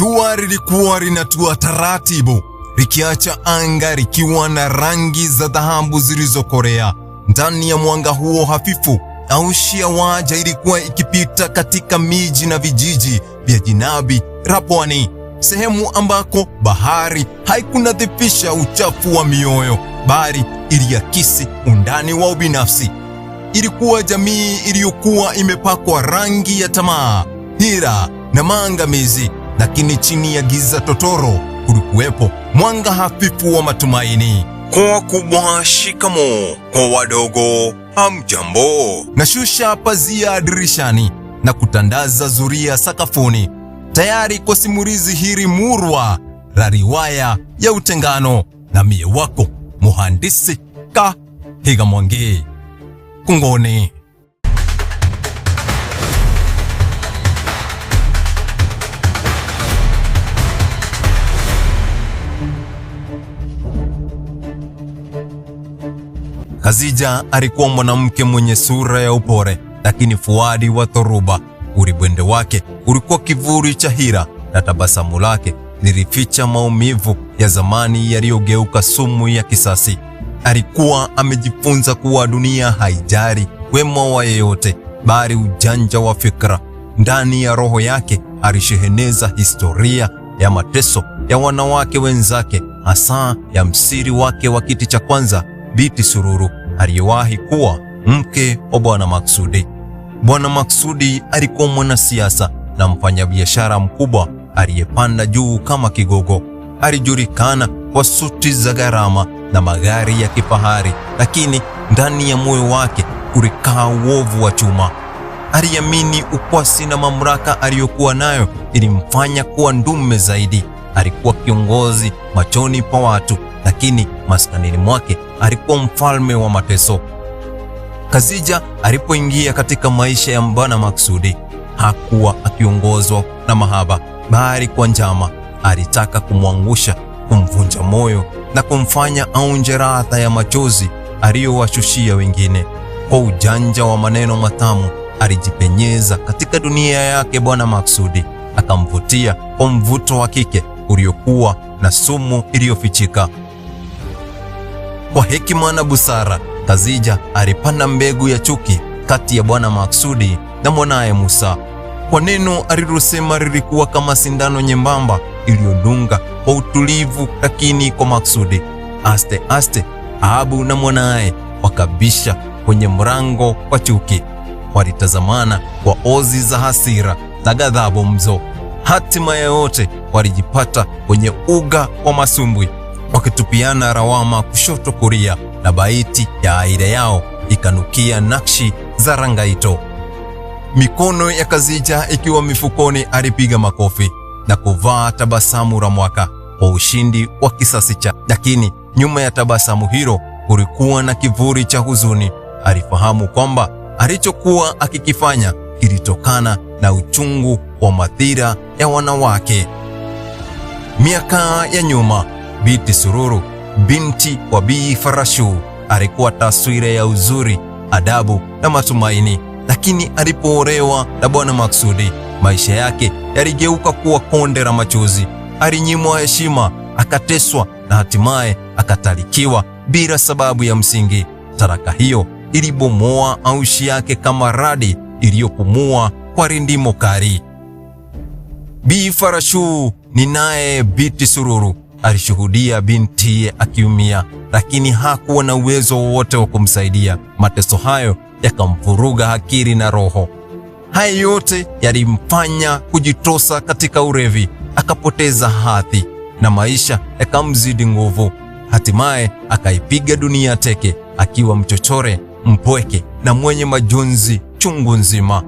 Jua lilikuwa linatua taratibu likiacha anga likiwa na rangi za dhahabu zilizokorea. Ndani ya mwanga huo hafifu, aushi ya waja ilikuwa ikipita katika miji na vijiji vya jinabi rapwani sehemu ambako bahari haikunadhifisha uchafu wa mioyo, bali iliakisi undani wa ubinafsi. Ilikuwa jamii iliyokuwa imepakwa rangi ya tamaa, hila na maangamizi lakini chini ya giza totoro kulikuwepo mwanga hafifu wa matumaini. Kwa wakubwa shikamo, kwa wadogo hamjambo. Nashusha pazia dirishani na kutandaza zuria sakafuni, tayari kwa simulizi hili murwa la riwaya ya utengano na mie wako muhandisi ka Mwangi. Kungoni. Khadija alikuwa mwanamke mwenye sura ya upore, lakini fuadi wa dhoruba. Uribwende wake ulikuwa kivuli cha hira na tabasamu lake lilificha maumivu ya zamani yaliyogeuka sumu ya kisasi. Alikuwa amejifunza kuwa dunia haijari wema wa yeyote, bali ujanja wa fikra. Ndani ya roho yake alisheheneza historia ya mateso ya wanawake wenzake, hasa ya msiri wake wa kiti cha kwanza Biti Sururu aliyewahi kuwa mke wa Bwana Maksudi. Bwana Maksudi alikuwa mwanasiasa na mfanyabiashara mkubwa aliyepanda juu kama kigogo. Alijulikana kwa suti za gharama na magari ya kifahari, lakini ndani ya moyo wake kulikaa uovu wa chuma. Aliamini ukwasi na mamlaka aliyokuwa nayo ilimfanya kuwa ndume zaidi. Alikuwa kiongozi machoni pa watu, lakini maskanini mwake alikuwa mfalme wa mateso. kazija alipoingia katika maisha ya Mbwana Maksudi hakuwa akiongozwa na mahaba, bali kwa njama. Alitaka kumwangusha, kumvunja moyo na kumfanya aonje radha ya machozi aliyowashushia wengine. Kwa ujanja wa maneno matamu alijipenyeza katika dunia yake Bwana Maksudi, akamvutia kwa mvuto wa kike uliokuwa na sumu iliyofichika kwa hekima na busara, Khadija alipanda mbegu ya chuki kati ya bwana Maksudi na mwanaye Musa. Kwa neno alilosema lilikuwa kama sindano nyembamba iliyodunga kwa utulivu lakini kwa maksudi. Aste aste Ahabu na mwanaye wakabisha kwenye mrango wa chuki, walitazamana kwa ozi za hasira na ghadhabu mzo. Hatima yote walijipata kwenye uga wa masumbwi wakitupiana rawama kushoto kuria, na baiti ya aira yao ikanukia nakshi za rangaito. Mikono ya kazija ikiwa mifukoni, alipiga makofi na kuvaa tabasamu la mwaka kwa ushindi wa kisasi cha. Lakini nyuma ya tabasamu hilo kulikuwa na kivuli cha huzuni. Alifahamu kwamba alichokuwa akikifanya kilitokana na uchungu wa madhira ya wanawake miaka ya nyuma biti Sururu, binti wa bi Farashu, alikuwa taswira ya uzuri, adabu na matumaini, lakini alipoolewa na Bwana Maksudi, maisha yake yaligeuka kuwa konde la machozi. Alinyimwa heshima, akateswa na hatimaye akatalikiwa bila sababu ya msingi. Taraka hiyo ilibomoa aushi yake kama radi iliyopumua kwa rindimo kali. Bi Farashu ni naye Biti Sururu alishuhudia binti akiumia, lakini hakuwa na uwezo wowote wa kumsaidia. Mateso hayo yakamvuruga akili na roho. Haya yote yalimfanya kujitosa katika urevi, akapoteza hadhi na maisha yakamzidi nguvu. Hatimaye akaipiga dunia teke, akiwa mchochore, mpweke na mwenye majonzi chungu nzima.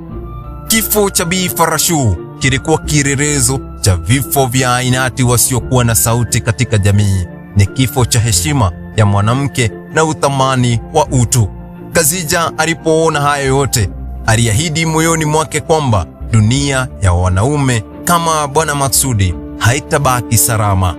Kifo cha Bi Farashuu kilikuwa kielelezo cha vifo vya ainati wasiokuwa na sauti katika jamii. Ni kifo cha heshima ya mwanamke na uthamani wa utu. kazija alipoona hayo yote, aliahidi moyoni mwake kwamba dunia ya wanaume kama Bwana Maksudi haitabaki salama.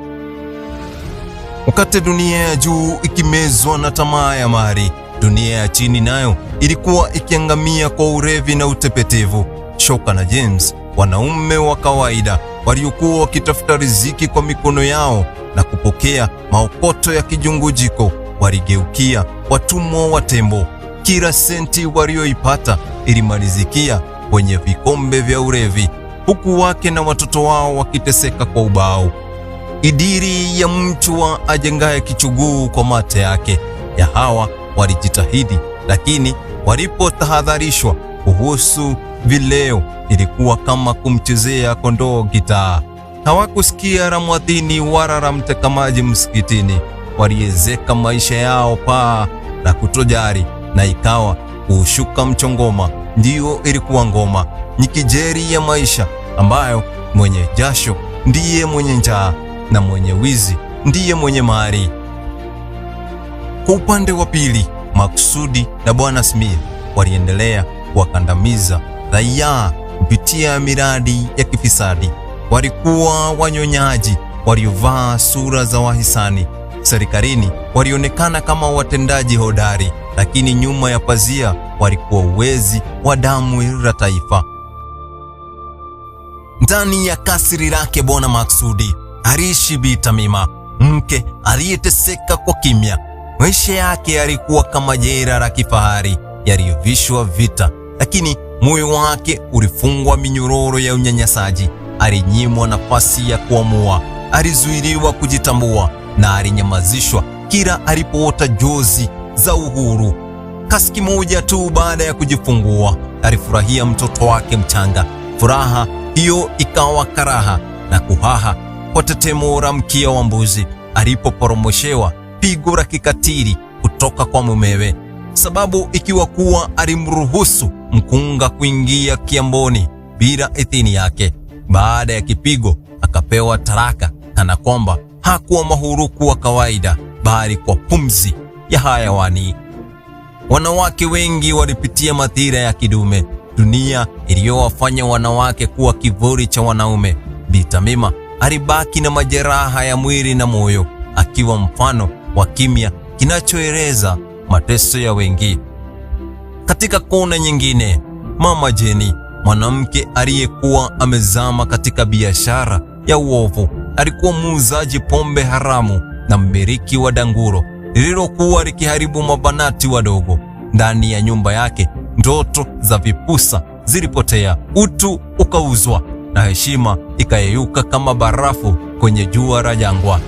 Wakati dunia ya juu ikimezwa na tamaa ya mali, dunia ya chini nayo ilikuwa ikiangamia kwa urevi na utepetevu. Shoka na James wanaume wa kawaida waliokuwa wakitafuta riziki kwa mikono yao na kupokea maokoto ya kijungujiko waligeukia watumwa wa tembo. Kila senti walioipata ilimalizikia kwenye vikombe vya ulevi, huku wake na watoto wao wakiteseka kwa ubao. Idiri ya mchwa ajengaye kichuguu kwa mate yake ya hawa walijitahidi, lakini walipotahadharishwa kuhusu vileo ilikuwa kama kumchezea kondoo gitaa. Hawakusikia wara wala mtekamaji msikitini, waliezeka maisha yao paa na kutojari, na ikawa kuushuka mchongoma ndiyo ilikuwa ngoma, ni kijeri ya maisha ambayo mwenye jasho ndiye mwenye njaa na mwenye wizi ndiye mwenye mali. Kwa upande wa pili, Maksudi na Bwana Smith waliendelea kuwakandamiza raia kupitia miradi ya kifisadi. Walikuwa wanyonyaji waliovaa sura za wahisani. Serikalini walionekana kama watendaji hodari, lakini nyuma ya pazia walikuwa uwezi wa damu la taifa. Ndani ya kasri lake Bwana Maksudi aliishi Bi Tamima, mke aliyeteseka kwa kimya. Maisha yake yalikuwa kama jela la kifahari yaliyovishwa vita lakini moyo wake ulifungwa minyororo ya unyanyasaji. Alinyimwa nafasi ya kuamua, alizuiliwa kujitambua na alinyamazishwa kila alipoota jozi za uhuru. Kasiki moja tu baada ya kujifungua alifurahia mtoto wake mchanga. Furaha hiyo ikawa karaha na kuhaha kwa tetemo la mkia wa mbuzi alipoporomoshewa pigo la kikatili kutoka kwa mumewe, sababu ikiwa kuwa alimruhusu mkunga kuingia Kiamboni bila idhini yake. Baada ya kipigo akapewa taraka, kana kwamba hakuwa mahuruku wa kawaida, bali kwa pumzi ya hayawani. Wanawake wengi walipitia madhira ya kidume, dunia iliyowafanya wanawake kuwa kivuli cha wanaume. Bi Tamima alibaki na majeraha ya mwili na moyo, akiwa mfano wa kimya kinachoeleza mateso ya wengi. Katika kona nyingine, mama Jeni, mwanamke aliyekuwa amezama katika biashara ya uovu, alikuwa muuzaji pombe haramu na mmiliki wa danguro lililokuwa likiharibu mabanati wadogo. Ndani ya nyumba yake, ndoto za vipusa zilipotea, utu ukauzwa na heshima ikayeyuka kama barafu kwenye jua la jangwa.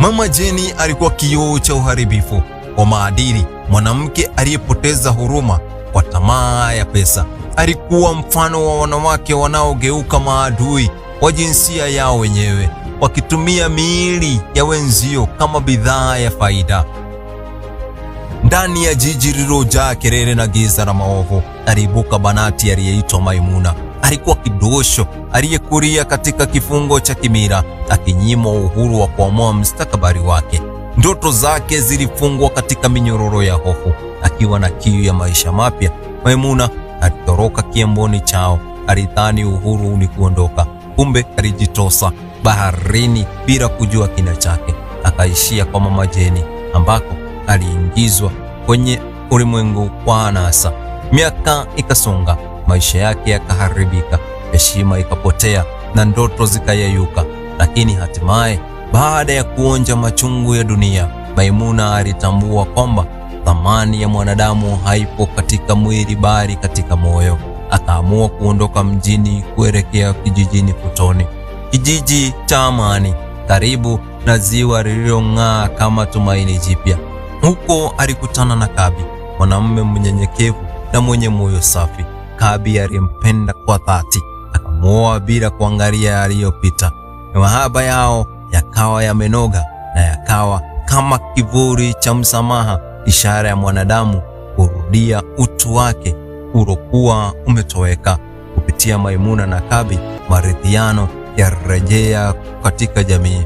Mama Jeni alikuwa kioo cha uharibifu wa maadili mwanamke aliyepoteza huruma kwa tamaa ya pesa. Alikuwa mfano wa wanawake wanaogeuka maadui wa jinsia yao wenyewe, wakitumia miili ya wenzio kama bidhaa ya faida. Ndani ya jiji lililojaa kelele na giza la maovu, aliibuka banati aliyeitwa Maimuna. Alikuwa kidosho aliyekulia katika kifungo cha kimira akinyimwa uhuru wa kuamua mustakabali wake. Ndoto zake zilifungwa katika minyororo ya hofu. Akiwa na kiu ya maisha mapya, Maimuna alitoroka kiamboni chao. Alidhani uhuru ni kuondoka, kumbe alijitosa baharini bila kujua kina chake. Akaishia kwa mama Jeni, ambako aliingizwa kwenye ulimwengu kwa anasa. Miaka ikasonga, maisha yake yakaharibika, heshima ikapotea na ndoto zikayeyuka, lakini hatimaye baada ya kuonja machungu ya dunia, Maimuna alitambua kwamba thamani ya mwanadamu haipo katika mwili bali katika moyo. Akaamua kuondoka mjini kuelekea kijijini Kutoni, kijiji cha amani karibu na ziwa lililong'aa kama tumaini jipya. Huko alikutana na Kabi, mwanamume mnyenyekevu na mwenye moyo safi. Kabi alimpenda kwa dhati, akamwoa bila kuangalia yaliyopita. Mahaba yao yakawa yamenoga na yakawa kama kivuli cha msamaha, ishara ya mwanadamu kurudia utu wake ulokuwa umetoweka. Kupitia Maimuna na Kabi, maridhiano yarejea katika jamii.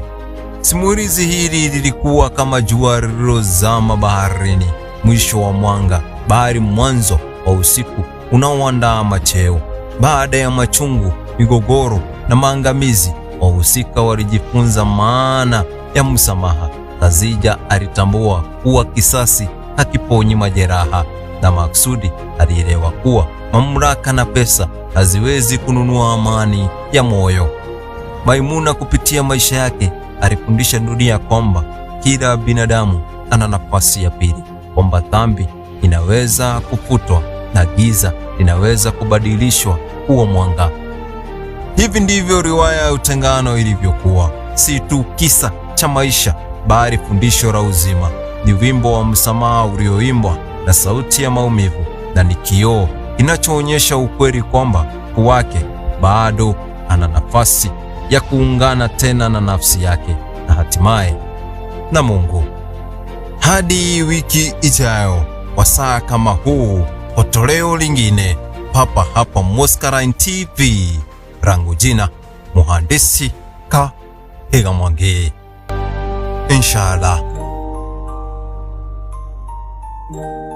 Simulizi hili lilikuwa kama jua lililozama baharini, mwisho wa mwanga, bali mwanzo wa usiku unaoandaa macheo. Baada ya machungu, migogoro na maangamizi wahusika walijifunza maana ya msamaha. Khadija alitambua kuwa kisasi hakiponyi majeraha, na Maksudi alielewa kuwa mamlaka na pesa haziwezi kununua amani ya moyo. Maimuna kupitia maisha yake alifundisha dunia kwamba kila binadamu ana nafasi ya pili, kwamba dhambi inaweza kufutwa na giza linaweza kubadilishwa kuwa mwanga. Hivi ndivyo riwaya ya Utengano ilivyokuwa, si tu kisa cha maisha, bali fundisho la uzima. Ni wimbo wa msamaha ulioimbwa na sauti ya maumivu, na ni kioo kinachoonyesha ukweli kwamba kwake wake bado ana nafasi ya kuungana tena na nafsi yake na hatimaye na Mungu. Hadi wiki ijayo, kwa saa kama huu, kwa toleo lingine, papa hapa Moscarine TV rangu jina Muhandisi higa Mwangi. Inshallah.